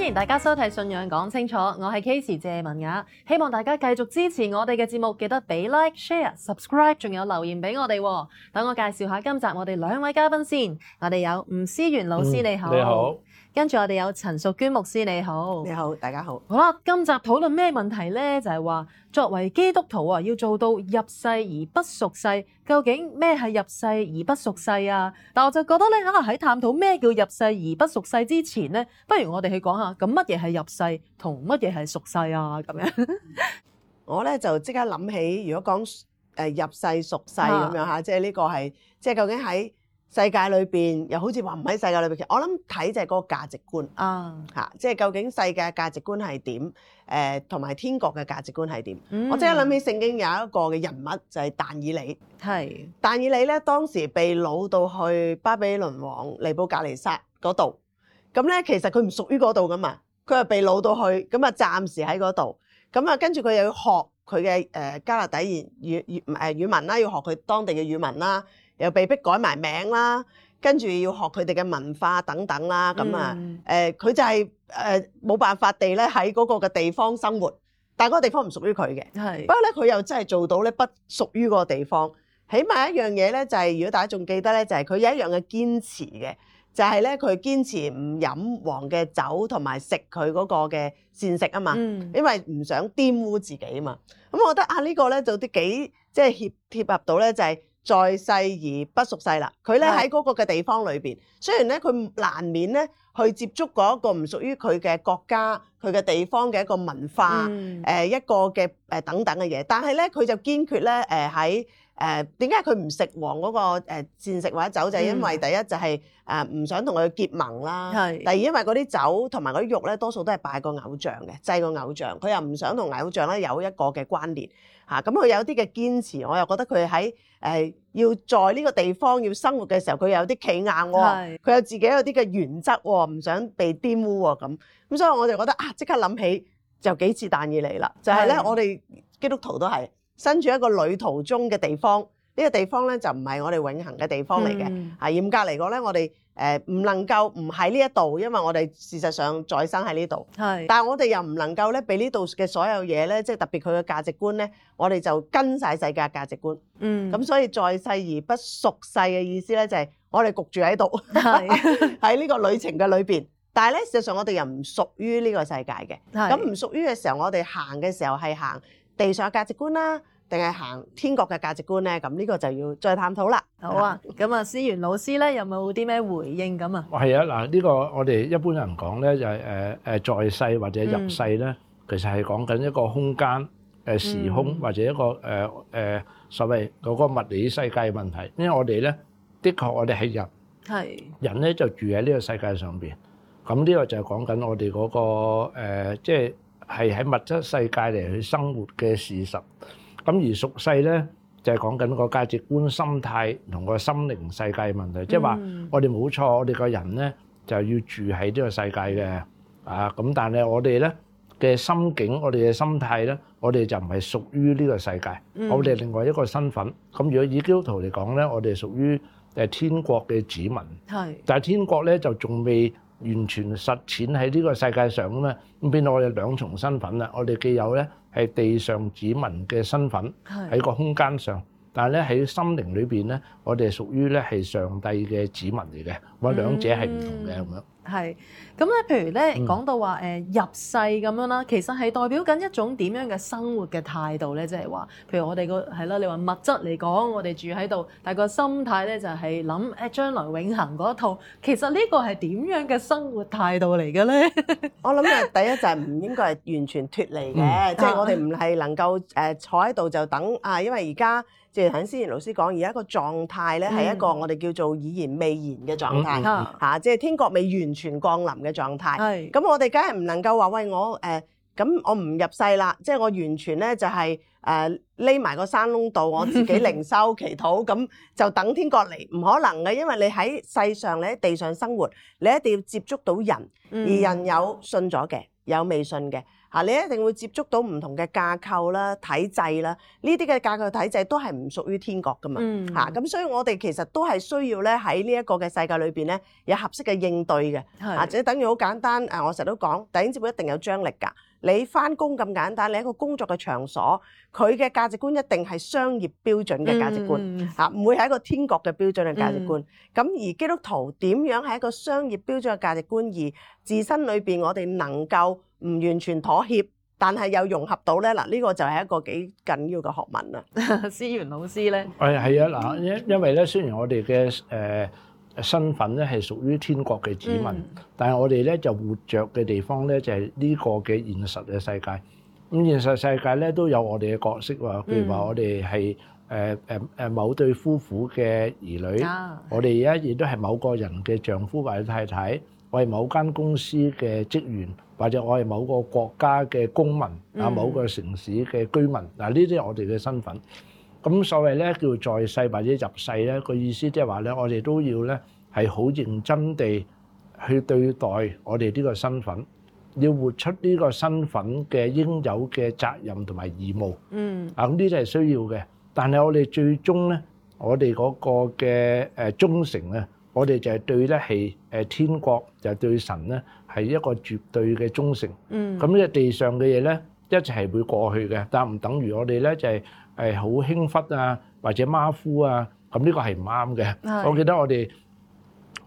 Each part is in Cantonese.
歡迎大家收睇《信仰講清楚》，我係 Casey 謝文雅，希望大家繼續支持我哋嘅節目，記得俾 Like、Share、Subscribe，仲有留言俾我哋。等我介紹下今集我哋兩位嘉賓先，我哋有吳思源老師，你好。嗯，你好。跟住我哋有陳淑娟牧師，你好，你好，大家好。好啦，今集討論咩問題呢？就係話作為基督徒啊，要做到入世而不屬世，究竟咩係入世而不屬世啊？但我就覺得呢，啊喺探討咩叫入世而不屬世之前呢，不如我哋去講下，咁乜嘢係入世同乜嘢係屬世啊？咁樣，我呢就即刻諗起，如果講誒入世屬世咁樣吓，即係呢個係即係究竟喺。世界裏邊又好似話唔喺世界裏邊，其實我諗睇就係嗰個價值觀啊嚇，即係究竟世界價值觀係點？誒同埋天國嘅價值觀係點？我即刻諗起聖經有一個嘅人物就係但以理係。但以理咧當時被擄到去巴比倫王尼布甲尼撒嗰度，咁咧其實佢唔屬於嗰度噶嘛，佢係被擄到去，咁啊暫時喺嗰度，咁啊跟住佢又要學佢嘅誒迦勒底言語誒語文啦，要學佢當地嘅語文啦。又被迫改埋名啦，跟住要學佢哋嘅文化等等啦，咁啊、嗯，誒佢、呃、就係誒冇辦法地咧喺嗰個嘅地方生活，但係嗰個地方唔屬於佢嘅。係是不過咧，佢又真係做到咧，不屬於嗰個地方。起碼一樣嘢咧、就是，就係如果大家仲記得咧，就係、是、佢有一樣嘅堅持嘅，就係咧佢堅持唔飲黃嘅酒同埋食佢嗰個嘅膳食啊嘛，嗯、因為唔想玷污自己啊嘛。咁、嗯、我覺得啊，這個、呢個咧就啲幾即係貼貼合到咧、就是，就係。在世而不屬世啦，佢咧喺嗰個嘅地方裏邊，雖然咧佢難免咧去接觸嗰一個唔屬於佢嘅國家、佢嘅地方嘅一個文化，誒、嗯呃、一個嘅誒、呃、等等嘅嘢，但係咧佢就堅決咧誒喺誒點解佢唔食王嗰個膳食或者酒就係、嗯、因為第一就係誒唔想同佢結盟啦，是第二因為嗰啲酒同埋嗰啲肉咧多數都係拜過偶像嘅祭過偶像，佢又唔想同偶像咧有一個嘅關聯。嚇咁佢有啲嘅堅持，我又覺得佢喺誒要在呢個地方要生活嘅時候，佢有啲企硬喎、哦，佢是有自己有啲嘅原則喎，唔、哦、想被玷污喎、哦、咁。咁、嗯、所以我就覺得啊，即刻諗起就幾似但以理啦，就係、是、咧，是我哋基督徒都係身處一個旅途中嘅地方，呢、這個地方咧就唔係我哋永恆嘅地方嚟嘅。啊、嗯，嚴格嚟講咧，我哋。誒唔、呃、能夠唔喺呢一度，因為我哋事實上在生喺是呢度。係，但係我哋又唔能夠咧，俾呢度嘅所有嘢咧，即係特別佢嘅價值觀咧，我哋就跟晒世界價值觀。嗯，咁所以在世而不屬世嘅意思咧，就係、是、我哋焗住喺度，喺呢是 個旅程嘅裏邊。但係咧，事實上我哋又唔屬於呢個世界嘅。咁唔屬於嘅時候，我哋行嘅時候係行地上嘅價值觀啦。定係行天國嘅價值觀咧？咁呢個就要再探討啦。好啊，咁啊，思源老師咧，有冇啲咩回應咁啊？係啊，嗱，呢個我哋一般人講咧就係誒誒，在世或者入世咧，其實係講緊一個空間誒時空或者一個誒誒所謂嗰個物理世界嘅問題。因為我哋咧，的確我哋係人，係人咧就住喺呢個世界上邊。咁呢個就係講緊我哋嗰個誒，即係係喺物質世界嚟去生活嘅事實。咁而屬世咧，就係講緊個價值觀、心態同個心靈世界問題，即係話我哋冇錯，我哋個人咧就要住喺呢個世界嘅，啊咁，但係我哋咧嘅心境、我哋嘅心態咧，我哋就唔係屬於呢個世界，我哋另外一個身份。咁如果以基督徒嚟講咧，我哋係屬於誒天國嘅子民，係。但係天國咧就仲未完全實踐喺呢個世界上啊嘛，咁變到我哋兩重身份啦。我哋既有咧。係地上子民嘅身份喺個空間上，但係咧喺心靈裏邊咧，我哋係屬於咧，係上帝嘅子民嚟嘅，我兩者係唔同嘅咁樣。嗯係，咁咧，譬如咧講到話誒入世咁樣啦，其實係代表緊一種點樣嘅生活嘅態度咧，即係話，譬如我哋、那個係啦，你話物質嚟講，我哋住喺度，但係個心態咧就係諗誒將來永恆嗰一套，其實呢個係點樣嘅生活態度嚟嘅咧？我諗啊，第一就係、是、唔應該係完全脱離嘅，即係、嗯、我哋唔係能夠誒坐喺度就等啊，因為而家即係響先賢老師講，而家個狀態咧係一個我哋叫做已然未然嘅狀態，嚇，即係天國未完。完全降臨嘅狀態，咁我哋梗係唔能夠話，喂，我誒，咁我唔入世啦，即係我完全咧就係誒匿埋個山窿度，我自己靈修祈禱，咁就等天國嚟，唔可能嘅，因為你喺世上，你喺地上生活，你一定要接觸到人，而人有信咗嘅，有未信嘅。嚇、啊、你一定會接觸到唔同嘅架構啦、體制啦，呢啲嘅架構體制都係唔屬於天國㗎嘛嚇，咁、嗯啊、所以我哋其實都係需要咧喺呢一個嘅世界裏邊咧有合適嘅應對嘅，或者是、啊、等於好簡單，誒、啊、我成日都講，頂尖資本一定有張力㗎。你翻工咁簡單，你一個工作嘅場所，佢嘅價值觀一定係商業標準嘅價值觀嚇，唔、嗯啊、會係一個天國嘅標準嘅價值觀。咁、嗯啊啊、而基督徒點樣喺一個商業標準嘅價值觀而自身裏邊我哋能夠唔完全妥協，但係又融合到咧嗱，呢個就係一個幾緊要嘅學問啦。思源老師咧，誒係啊嗱，因因為咧，雖然我哋嘅誒身份咧係屬於天國嘅子民，但係我哋咧就活著嘅地方咧就係呢個嘅現實嘅世界。咁現實世界咧都有我哋嘅角色喎，譬如話我哋係誒誒誒某對夫婦嘅兒女，我哋而家亦都係某個人嘅丈夫或者太太。我係某間公司嘅職員，或者我係某個國家嘅公民啊，某個城市嘅居民嗱，呢啲係我哋嘅身份。咁所謂咧叫在世或者入世咧，個意思即係話咧，我哋都要咧係好認真地去對待我哋呢個身份，要活出呢個身份嘅應有嘅責任同埋義務。嗯。啊，咁呢啲係需要嘅，但係我哋最終咧，我哋嗰個嘅誒忠誠咧。我哋就係對咧，係誒天國就係對神咧，係一個絕對嘅忠誠。嗯，咁呢個地上嘅嘢咧，一直係會過去嘅，但唔等於我哋咧就係誒好輕忽啊，或者馬虎啊，咁呢個係唔啱嘅。是我記得我哋。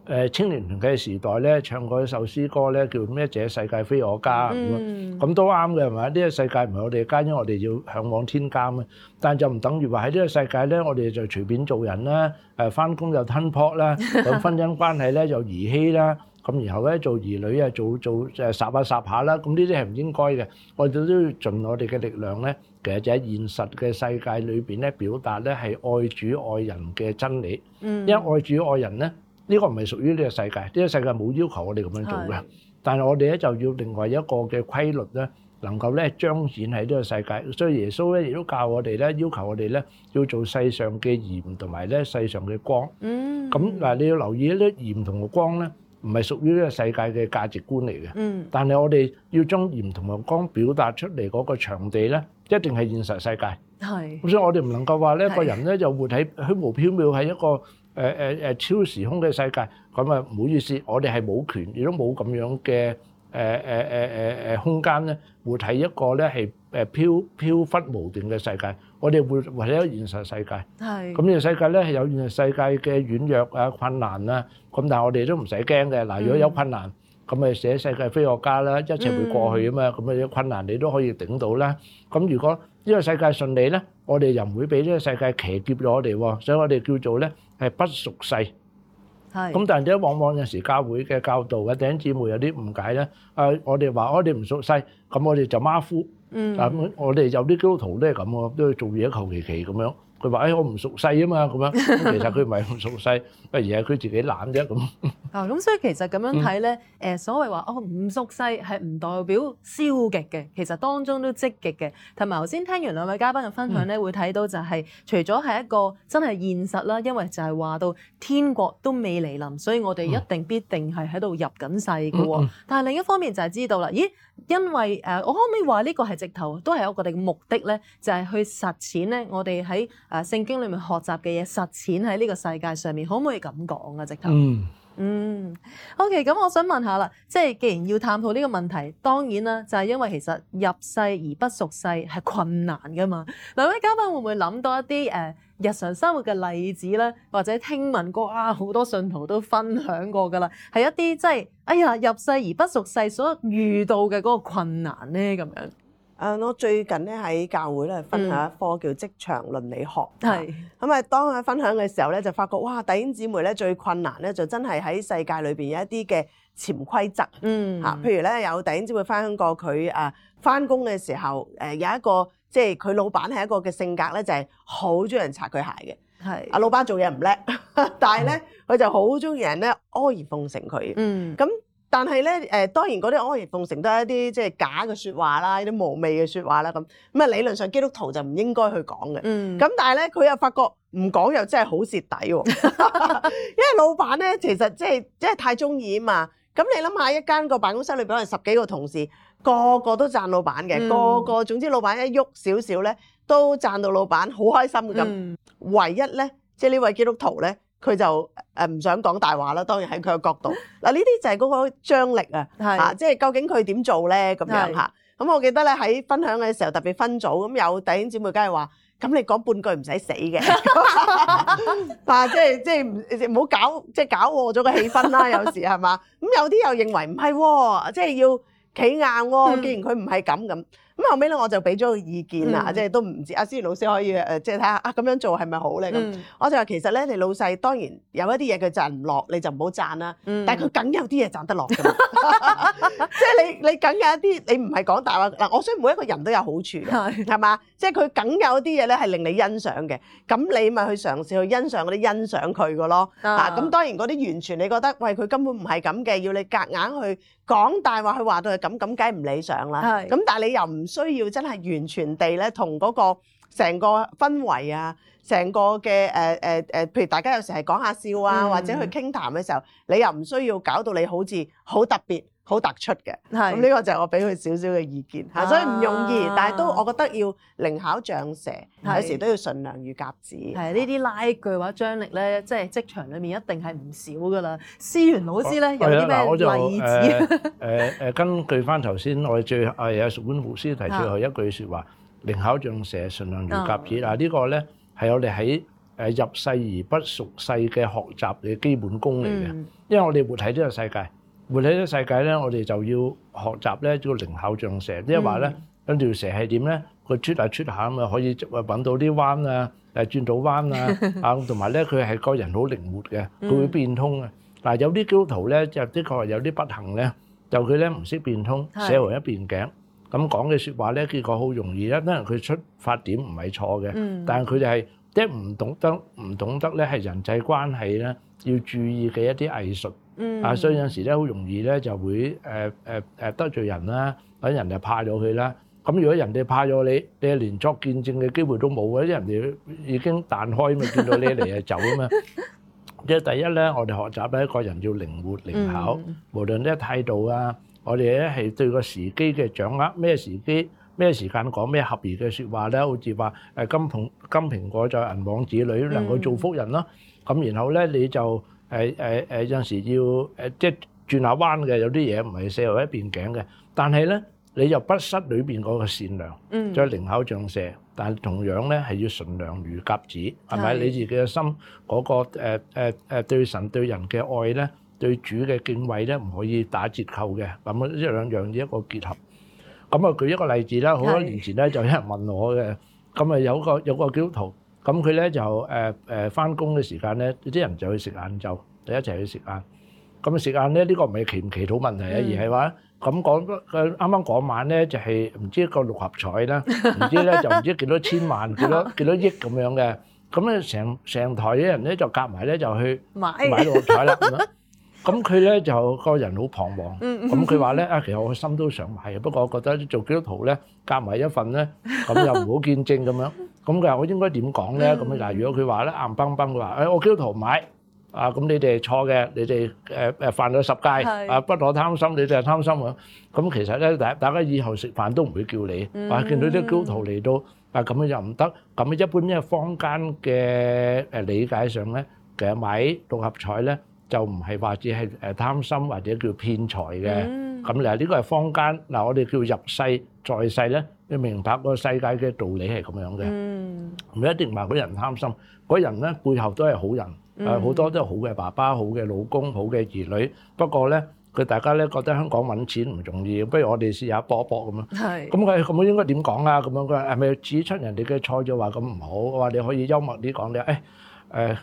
誒青年團嘅時代咧，唱過一首詩歌咧，叫咩？這世界非我家咁，咁都啱嘅係嘛？呢個世界唔係我哋嘅家，因為我哋要向往天家啊！但係就唔等於話喺呢個世界咧，我哋就隨便做人啦，誒翻工又吞泡啦，咁婚姻關係咧又兒戲啦，咁然後咧做兒女啊，做做誒殺下殺下啦，咁呢啲係唔應該嘅。我哋都要盡我哋嘅力量咧，其實就喺現實嘅世界裏邊咧，表達咧係愛主愛人嘅真理。因為愛主愛人咧。呢個唔係屬於呢個世界，呢個世界冇要求我哋咁樣做嘅。但係我哋咧就要另外一個嘅規律咧，能夠咧彰顯喺呢個世界。所以耶穌咧亦都教我哋咧，要求我哋咧要做世上嘅鹽同埋咧世上嘅光。嗯。咁嗱，你要留意咧，鹽同埋光咧，唔係屬於呢個世界嘅價值觀嚟嘅。嗯。但係我哋要將鹽同埋光表達出嚟嗰個場地咧，一定係現實世界。係。咁所以我哋唔能夠話咧，一個人咧就活喺虛無縹緲，喺一個。誒誒誒超時空嘅世界，咁啊唔好意思，我哋係冇權，亦都冇咁樣嘅誒誒誒誒誒空間咧，會睇一個咧係誒飄飄忽無定嘅世界。我哋會活喺現實世界，係。咁呢個世界咧係有現實世界嘅軟弱啊、困難啊。咁但係我哋都唔使驚嘅。嗱，如果有困難，咁咪寫世界飛學家啦，一切會過去啊嘛。咁有困難你都可以頂到啦。咁如果呢個世界順利咧，我哋又唔會俾呢個世界騎劫咗我哋，所以我哋叫做咧係不屬世。係。咁但係咧，往往有時教會嘅教導嘅弟兄姊妹有啲誤解咧。啊，我哋話我哋唔屬世，咁我哋就馬虎。嗯。啊咁，我哋有啲基督徒咧咁喎，都要做嘢求其其咁樣。佢話：誒我唔屬世啊嘛，咁樣。其實佢唔係唔屬世，而係佢自己懶啫咁。啊，咁、哦、所以其實咁樣睇咧，誒、嗯呃、所謂話哦唔屬世係唔代表消極嘅，其實當中都積極嘅。同埋頭先聽完兩位嘉賓嘅分享咧，嗯、會睇到就係、是、除咗係一個真係現實啦，因為就係話到天國都未嚟臨，所以我哋一定必定係喺度入緊世嘅喎。但係另一方面就係知道啦，咦？因為誒、呃，我可唔可以話呢個係直頭都係有我哋嘅目的咧？就係、是、去實踐咧、啊，我哋喺誒聖經裡面學習嘅嘢實踐喺呢個世界上面，可唔可以咁講啊？直頭。嗯。嗯，OK，咁我想問下啦，即係既然要探討呢個問題，當然啦，就係、是、因為其實入世而不屬世係困難噶嘛。兩位嘉賓會唔會諗到一啲誒、呃、日常生活嘅例子咧？或者聽聞過啊，好多信徒都分享過噶啦，係一啲即係哎呀入世而不屬世所遇到嘅嗰個困難咧咁樣。誒，嗯、我最近咧喺教會咧分享一科叫職場倫理學。係是，咁啊，當我分享嘅時候咧，就發覺哇，弟兄姊妹咧最困難咧就真係喺世界裏邊有一啲嘅潛規則。嗯，嚇，譬如咧有弟兄姊妹翻香港分享過佢誒翻工嘅時候，誒有一個即係佢老闆係一個嘅性格咧，就係好中意人擦佢鞋嘅。係，阿老闆做嘢唔叻，但係咧佢就好中意人咧阿諛奉承佢。嗯，咁。但係咧，誒、呃、當然嗰啲阿諛奉承都係一啲即係假嘅説話啦，一啲無味嘅説話啦咁。咁啊理論上基督徒就唔應該去講嘅。咁、嗯、但係咧，佢又發覺唔講又真係好蝕底喎。 因為老闆咧其實即係即係太中意啊嘛。咁你諗下一間個辦公室裏邊可能十幾個同事，個個都讚老闆嘅，嗯、個個總之老闆一喐少少咧都讚到老闆好開心咁。嗯、唯一咧，即係呢位基督徒咧。佢就誒唔想講大話啦，當然喺佢嘅角度嗱，呢啲就係嗰個張力是啊，嚇，即係究竟佢點做咧咁樣嚇？咁是、嗯、我記得咧喺分享嘅時候，特別分組咁，有弟兄姊妹梗係話：咁你講半句唔使死嘅，但 係、 啊、即係即係唔好搞即係搞瘀咗個氣氛啦，有時係嘛？咁、嗯、 有啲又認為唔係喎，即係要企硬喎、哦。既然佢唔係咁咁。咁後尾咧，我就俾咗個意見啦，即係都唔知阿思源老師可以誒，即係睇下啊，咁樣做係咪好咧？咁、嗯、我就話其實咧，你老細當然有一啲嘢佢賺唔落，你就唔好讚啦。嗯、但係佢梗有啲嘢賺得落嘅，即係 你你梗有一啲你唔係講大話嗱，我相信每一個人都有好處，係嘛是？即係佢梗有一啲嘢咧係令你欣賞嘅，咁你咪去嘗試去欣賞嗰啲欣賞佢嘅咯。嗱、啊，咁、啊、當然嗰啲完全你覺得喂佢、哎、根本唔係咁嘅，要你夾硬去。講大話，大係話佢話到係咁，咁梗係唔理想啦。咁是但係你又唔需要真係完全地咧，同嗰個成個氛圍啊，成個嘅誒誒誒，譬如大家有時係講下笑啊，嗯、或者去傾談嘅時候，你又唔需要搞到你好似好特別。好突出嘅，咁呢個就係我俾佢少少嘅意見，所以唔容易，但係都我覺得要靈巧像蛇，有時都要馴良如鴿子。係呢啲拉鋸或張力咧，即係職場裏面一定係唔少噶啦。思源老師咧，有啲咩例子？誒誒，根據翻頭先我哋最啊，宿管老師提最後一句説話：靈巧像蛇，馴良如鴿子。嗱，呢個咧係我哋喺誒入世而不屬世嘅學習嘅基本功嚟嘅，因為我哋活喺呢個世界。活喺呢世界咧，我哋就要學習咧，呢個靈巧像蛇，即係話咧，咁條蛇係點咧？佢出下出下咁啊，可以揾到啲彎啊，誒轉到彎啊，啊，同埋咧佢係個人好靈活嘅，佢會變通嘅。嗱，有啲基督徒咧，就的確係有啲不幸咧，就佢咧唔識變通，死牛一邊頸咁講嘅説話咧，結果好容易咧，因為佢出發點唔係錯嘅，但係佢哋係。即係唔懂得，唔懂得咧係人際關係咧要注意嘅一啲藝術，啊，所以有陣時咧好容易咧就會誒誒誒得罪人啦，等人就怕咗佢啦。咁如果人哋怕咗你，你連作見證嘅機會都冇嘅，因為人哋已經彈開咪，見到你嚟就走啊嘛。即係第一咧，我哋學習咧，一個人要靈活靈巧，無論呢個態度啊，我哋咧係對個時機嘅掌握，咩時機？咩時間講咩合宜嘅説話咧？好似話誒金蘋金蘋果在銀網子裏，能夠做福人咯。咁然後咧你就誒誒誒有陣時要誒即係轉下彎嘅，有啲嘢唔係死牛一邊頸嘅。但係咧你就不失裏邊嗰個善良，再靈巧像蛇。但係同樣咧係要純良如鴿子，係咪？你自己嘅心嗰個誒誒誒對神對人嘅愛咧，對主嘅敬畏咧，唔可以打折扣嘅。咁一兩樣要一個結合。咁啊，舉一個例子啦，好多年前咧就有人問我嘅，咁啊有個有個基督徒，咁佢咧就誒誒翻工嘅時間咧，啲人就去食晏晝，就一齊去食晏。咁食晏咧呢個唔係祈唔祈禱問題啊，而係話咁講，佢啱啱嗰晚咧就係唔知一個六合彩啦，唔知咧就唔知幾多千萬、幾多幾多億咁樣嘅，咁咧成成台啲人咧就夾埋咧就去買買六合彩啦。咁佢咧就個人好彷徨，咁佢話咧啊，其實我心都想買嘅，不過我覺得做基督徒咧夾埋一份咧，咁又唔好見證咁樣。咁佢話我應該點講咧？咁嗱，如果佢話咧硬崩崩嘅話誒我基督徒買啊，咁你哋錯嘅，你哋誒誒犯咗十戒啊，不可貪心，你哋係貪心啊。咁其實咧，大大家以後食飯都唔會叫你話見到啲基督徒嚟到，但係咁樣又唔得。咁一般咧，坊間嘅誒理解上咧，其實買六合彩咧。就唔係話只係誒貪心或者叫騙財嘅，咁嗱呢個係坊間嗱我哋叫入世在世咧，你明白個世界嘅道理係咁樣嘅，唔一定話嗰人貪心，嗰人咧背後都係好人，誒好多都係好嘅爸爸、好嘅老公、好嘅兒女。不過咧，佢大家咧覺得香港揾錢唔容易，不如我哋試下搏一搏咁啊。係，咁佢咁應該點講啊？咁樣佢係咪指出人哋嘅錯就話咁唔好？話你可以幽默啲講你，誒誒。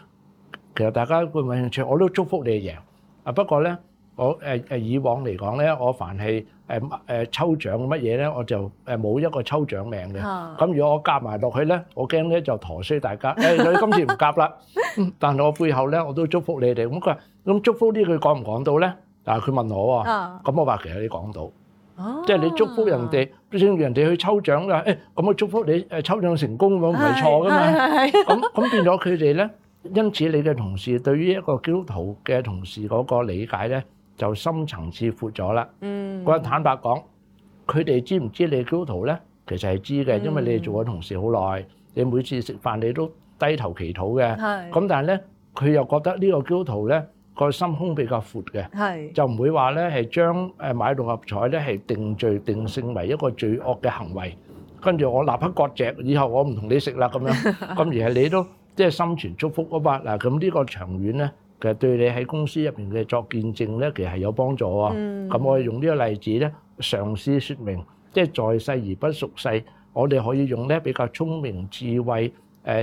其實大家會唔會興趣，我都祝福你哋贏。啊不過咧，我誒誒以往嚟講咧，我凡係誒誒抽獎乜嘢咧，我就誒冇一個抽獎名嘅。咁如果我夾埋落去咧，我驚咧就陀衰大家。誒所以今次唔夾啦。但係我背後咧，我都祝福你哋。咁佢咁祝福呢句講唔講到咧？但係佢問我喎，咁我話其實你講到，即係你祝福人哋，不如人哋去抽獎啦。誒咁我祝福你誒抽獎成功咁唔係錯噶嘛。咁咁變咗佢哋咧。因此，你嘅同事對於一個基督徒嘅同事嗰個理解咧，就深層次闊咗啦。嗯，我坦白講，佢哋知唔知你係基督徒咧？其實係知嘅，因為你哋做咗同事好耐，你每次食飯你都低頭祈禱嘅。係，咁但係咧，佢又覺得呢個基督徒咧個心胸比較闊嘅，係就唔會話咧係將誒買六合彩咧係定罪定性為一個罪惡嘅行為。跟住我立刻割席，以後我唔同你食啦咁樣。咁而係你都。即係心存祝福嗰把嗱，咁呢個長遠咧，其實對你喺公司入邊嘅作見證咧，其實係有幫助啊。咁、嗯、我哋用呢個例子咧，嘗試説明，即係在世而不屬世，我哋可以用咧比較聰明智慧誒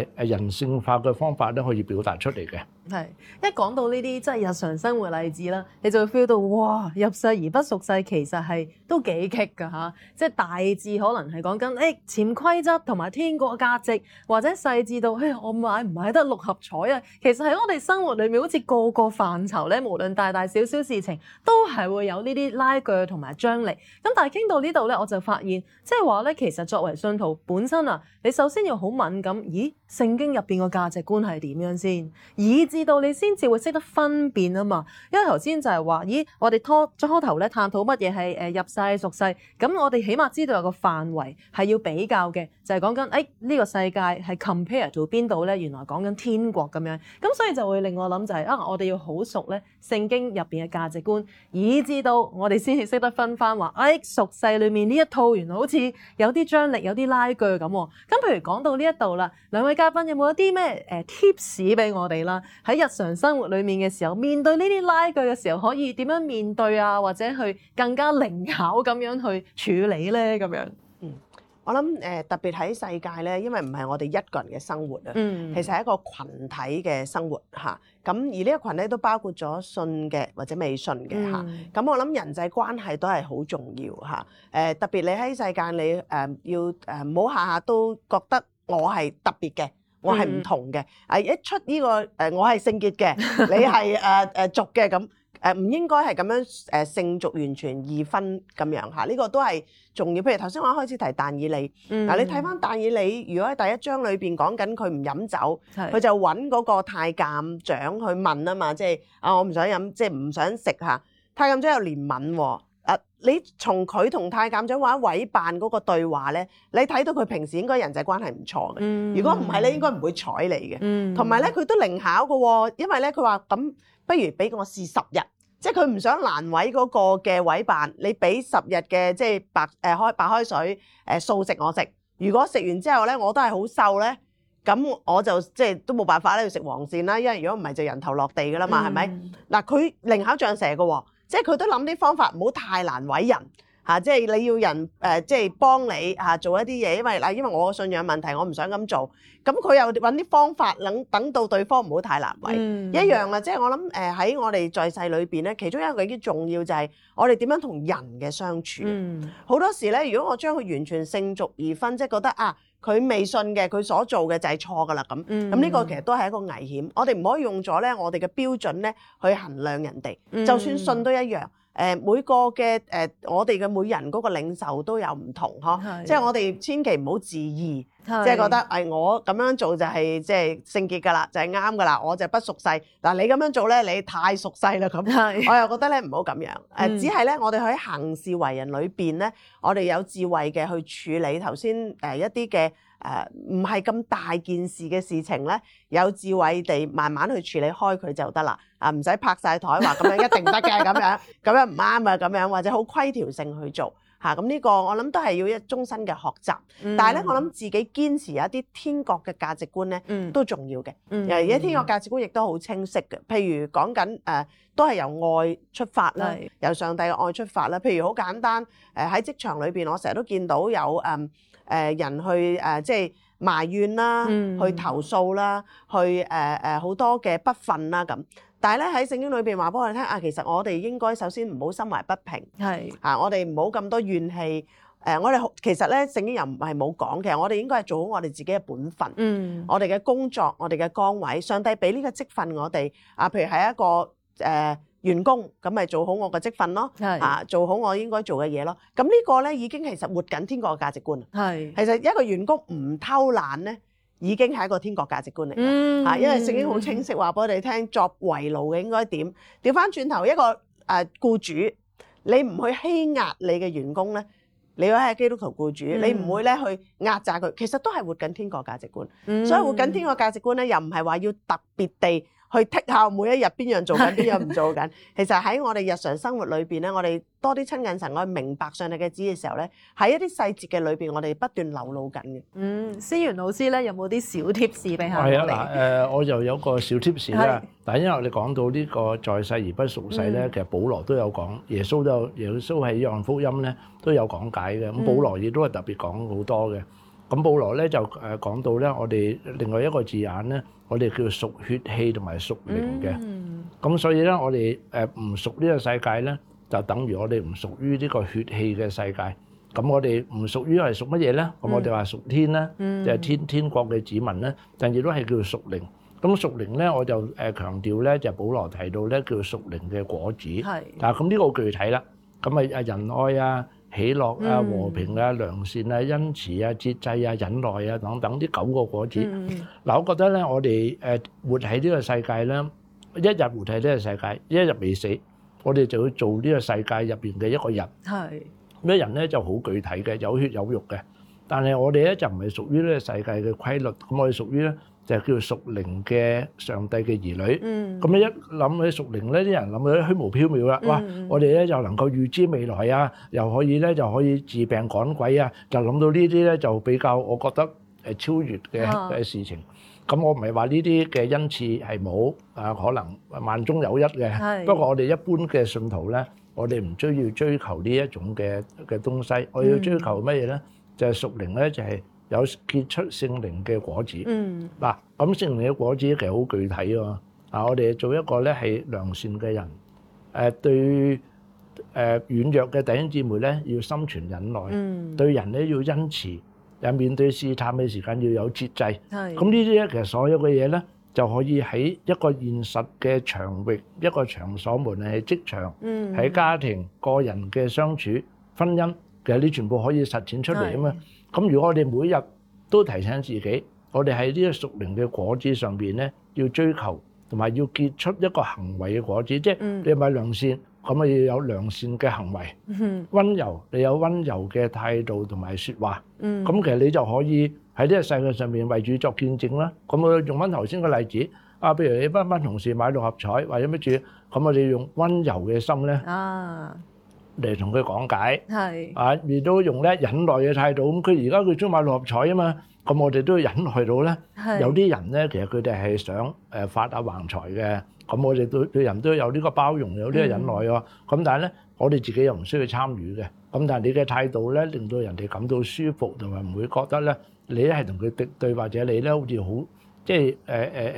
誒、呃、人性化嘅方法咧，可以表達出嚟嘅。係，一講到呢啲即係日常生活例子啦，你就會 feel 到哇入世而不屬世其實係都幾棘㗎嚇！即係大致可能係講緊誒潛規則同埋天國價值，或者細至到誒、欸、我買唔買得六合彩啊？其實喺我哋生活裏面，好似個個範疇咧，無論大大小小事情，都係會有呢啲拉鋸同埋張力。咁但係傾到呢度咧，我就發現即係話咧，其實作為信徒本身啊，你首先要好敏感，咦？聖經入邊嘅價值觀係點樣先，以至到你先至會識得分辨啊嘛。因為頭先就係話，咦，我哋拖初頭咧探討乜嘢係誒入世、屬世，咁我哋起碼知道有個範圍係要比較嘅，就係講緊誒呢個世界係 compare to 邊度咧？原來講緊天國咁樣，咁所以就會令我諗就係、是、啊，我哋要好熟咧聖經入邊嘅價值觀，以至到我哋先至識得分翻話，誒屬、哎、世裏面呢一套原來好似有啲張力、有啲拉鋸咁、啊。咁譬如講到呢一度啦，兩位。嘉賓有冇一啲咩誒 tips 俾我哋啦？喺日常生活裏面嘅時候，面對呢啲拉鋸嘅時候，可以點樣面對啊？或者去更加靈巧咁樣去處理呢？咁樣，嗯，我諗誒、呃，特別喺世界咧，因為唔係我哋一個人嘅生活、嗯、生活啊，啊，嗯，其實係一個群體嘅生活吓。咁而呢個群咧都包括咗信嘅或者未信嘅吓。咁我諗人際關係都係好重要吓。誒、啊呃，特別你喺世界你誒、呃、要誒，唔好下下都覺得。我係特別嘅，我係唔同嘅。係、嗯、一出呢、這個誒、呃，我係聖潔嘅， 你係誒誒俗嘅，咁誒唔應該係咁樣誒聖俗完全二分咁樣嚇。呢、這個都係重要。譬如頭先我一開始提但以、嗯、理，嗱你睇翻但以理。如果喺第一章裏邊講緊佢唔飲酒，佢是就揾嗰個太監長去問啊嘛，即、就、係、是、啊我唔想飲，即係唔想食嚇。太監長有憐憫喎。啊！你從佢同太監長或者委辦嗰個對話咧，你睇到佢平時應該人際關係唔錯嘅。嗯、如果唔係咧，嗯、應該唔會睬你嘅。同埋咧，佢都靈巧嘅喎，因為咧佢話咁，不如俾我試十日，即係佢唔想難為嗰個嘅委辦，你俾十日嘅即係白誒開白開水誒、呃、素食我食。如果食完之後咧，我都係好瘦咧，咁我就即係都冇辦法咧要食黃鱔啦，因為如果唔係就人頭落地噶啦嘛，係咪、嗯？嗱、嗯，佢靈巧像蛇嘅喎。即係佢都諗啲方法，唔好太難為人嚇、啊。即係你要人誒、呃，即係幫你嚇、啊、做一啲嘢，因為嗱，因為我嘅信仰問題，我唔想咁做。咁佢又搵啲方法，等等到對方唔好太難為。嗯、一樣啊，即係我諗誒，喺、呃、我哋在世裏邊咧，其中一個幾重要就係我哋點樣同人嘅相處。好、嗯、多時咧，如果我將佢完全聖俗二分，即係覺得啊。佢未信嘅，佢所做嘅就係錯㗎啦咁。咁呢、嗯嗯、個其實都係一個危險。我哋唔可以用咗咧，我哋嘅標準咧去衡量人哋。就算信都一樣。嗯嗯誒每個嘅誒、呃，我哋嘅每人嗰個領受都有唔同，嗬，的即係我哋千祈唔好自意，的即係覺得誒、哎、我咁樣做就係即係聖潔噶啦，就係啱噶啦，我就不屬世。嗱你咁樣做咧，你太屬世啦咁，的我又覺得咧唔好咁樣。誒，嗯、只係咧我哋喺行事為人裏邊咧，我哋有智慧嘅去處理頭先誒一啲嘅。誒唔係咁大件事嘅事情咧，有智慧地慢慢去處理開佢就得啦。啊、呃，唔使拍晒枱話咁樣一定得嘅咁樣，咁樣唔啱啊咁樣，或者好規條性去做嚇。咁、啊、呢個我諗都係要一終身嘅學習。但係咧，我諗自己堅持有一啲天國嘅價值觀咧，都重要嘅。而家天國價值觀亦都好清晰嘅。譬如講緊誒，都係由愛出發啦，由上帝嘅愛出發啦。譬如好簡單誒，喺、呃、職場裏邊，我成日都見到有誒。嗯誒人去誒即係埋怨啦，去投訴啦，去誒誒好多嘅不忿啦咁。但係咧喺聖經裏邊話俾我哋聽啊，其實我哋應該首先唔好心懷不平，係啊，我哋唔好咁多怨氣。誒，我哋其實咧聖經又唔係冇講，其實我哋應該係做好我哋自己嘅本分，嗯，我哋嘅工作，我哋嘅崗位，上帝俾呢個職份我哋啊，譬如係一個誒。員工咁咪做好我嘅職份咯，是，啊做好我應該做嘅嘢咯。咁呢個咧已經其實活緊天國嘅價值觀。係是其實一個員工唔偷懶咧，已經係一個天國價值觀嚟嘅。嚇、嗯啊，因為聖經好清晰話俾我哋聽，作為奴嘅應該點？調翻轉頭一個誒僱、呃、主，你唔去欺壓你嘅員工咧，你會喺基督徒僱主，嗯、你唔會咧去壓榨佢，其實都係活緊天國價值觀、嗯。所以活緊天國價值觀咧，又唔係話要特別地。去剔下每一日邊樣做緊，邊樣唔做緊。其實喺我哋日常生活裏邊咧，我哋多啲親近神，我明白上帝嘅旨意嘅時候咧，喺一啲細節嘅裏邊，我哋不斷流露緊嘅。嗯，思源老師咧，有冇啲小 tips 俾下我哋？係啊，嗱，誒，我就有個小 tips 咧。但因為我哋講到呢個在世而不屬世咧，其實保羅都有講，耶穌都有，耶穌係一樣福音咧都有講解嘅。咁保羅亦都係特別講好多嘅。咁保羅咧就誒講到咧，我哋另外一個字眼咧，我哋叫屬血氣同埋屬靈嘅。咁所以咧，我哋誒唔屬呢個世界咧，就等於我哋唔屬於呢個血氣嘅世界。咁我哋唔屬於係屬乜嘢咧？咁我哋話屬天啦，就係天天國嘅子民咧，但亦都係叫屬靈。咁屬靈咧，我就誒強調咧，就保羅提到咧，叫屬靈嘅果子。係。但係咁呢個好具體啦。咁啊啊仁愛啊。喜樂啊、和平啊、良善啊、恩慈啊、節制啊、忍耐啊，等等呢九個果子。嗱、嗯，我覺得咧，我哋誒、呃、活喺呢個世界咧，一日活喺呢個世界，一日未死，我哋就要做呢個世界入邊嘅一個人。係咩是，人咧就好具體嘅，有血有肉嘅。但係我哋咧就唔係屬於呢個世界嘅規律，咁我哋屬於咧，就叫屬靈嘅上帝嘅兒女，咁你一諗起屬靈咧，啲人諗到虛無縹緲啦。哇，我哋咧又能夠預知未來啊，又可以咧就可以治病趕鬼啊，就諗到呢啲咧就比較我覺得誒超越嘅嘅事情。咁我唔係話呢啲嘅恩賜係冇啊，可能萬中有一嘅。不過我哋一般嘅信徒咧，我哋唔需要追求呢一種嘅嘅東西。我要追求乜嘢咧？就係屬靈咧，就係。有結出聖靈嘅果子。嗯，嗱，咁聖靈嘅果子其實好具體喎。啊，我哋做一個咧係良善嘅人，誒對誒軟弱嘅弟兄姊妹咧要心存忍耐。嗯，對人咧要恩慈，又面對試探嘅時間要有節制。係，咁呢啲咧其實所有嘅嘢咧就可以喺一個現實嘅場域，一個場所，無論係職場，嗯，喺家庭、個人嘅相處、婚姻，其實你全部可以實踐出嚟啊嘛。咁如果我哋每日都提醒自己，我哋喺呢啲聖靈嘅果子上邊咧，要追求同埋要結出一個行為嘅果子，即係你買良善，咁啊要有良善嘅行為，溫柔你有溫柔嘅態度同埋說話，咁其實你就可以喺呢個世界上面為主作見證啦。咁我用翻頭先個例子，啊，譬如你幫幫同事買六合彩或者乜嘢，咁我哋用溫柔嘅心咧。嚟同佢講解，係啊，亦都用咧忍耐嘅態度。咁佢而家佢中買六合彩啊嘛，咁我哋都要忍耐到咧。有啲人咧，其實佢哋係想誒發下橫財嘅，咁我哋都對人都有呢個包容，有呢個忍耐咯。咁但係咧，我哋自己又唔需要參與嘅。咁但係你嘅態度咧，令到人哋感到舒服，同埋唔會覺得咧，你咧係同佢敵對，或者你咧好似好即係誒誒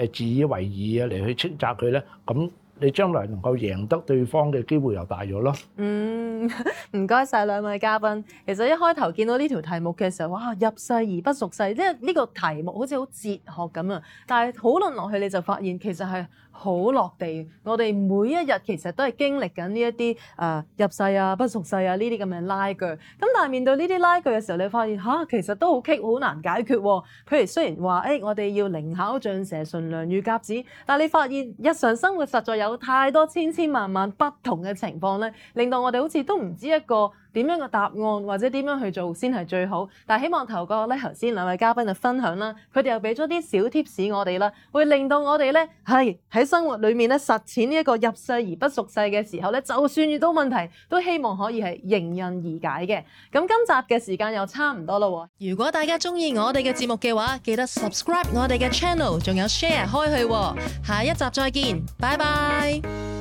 誒自以為意啊嚟去斥責佢咧，咁。你將來能夠贏得對方嘅機會又大咗咯。嗯，唔該晒兩位嘉賓。其實一開頭見到呢條題目嘅時候，哇！入世而不屬世，即係呢個題目好似好哲學咁啊。但係討論落去，你就發現其實係。好落地，我哋每一日其實都係經歷緊呢一啲誒入世啊、不屬世啊呢啲咁嘅拉鋸。咁但係面對呢啲拉鋸嘅時候，你發現嚇其實都好棘，好難解決啊。譬如雖然話誒、哎，我哋要靈巧像蛇，馴良遇鴿子，但係你發現日常生活實在有太多千千萬萬不同嘅情況咧，令到我哋好似都唔知一個。點樣嘅答案或者點樣去做先係最好？但係希望透過咧頭先兩位嘉賓嘅分享啦，佢哋又俾咗啲小貼士我哋啦，會令到我哋咧係喺生活裏面咧實踐呢一個入世而不屬世嘅時候咧，就算遇到問題，都希望可以係迎刃而解嘅。咁今集嘅時間又差唔多咯。如果大家中意我哋嘅節目嘅話，記得 subscribe 我哋嘅 channel，仲有 share 開去。下一集再見，拜拜。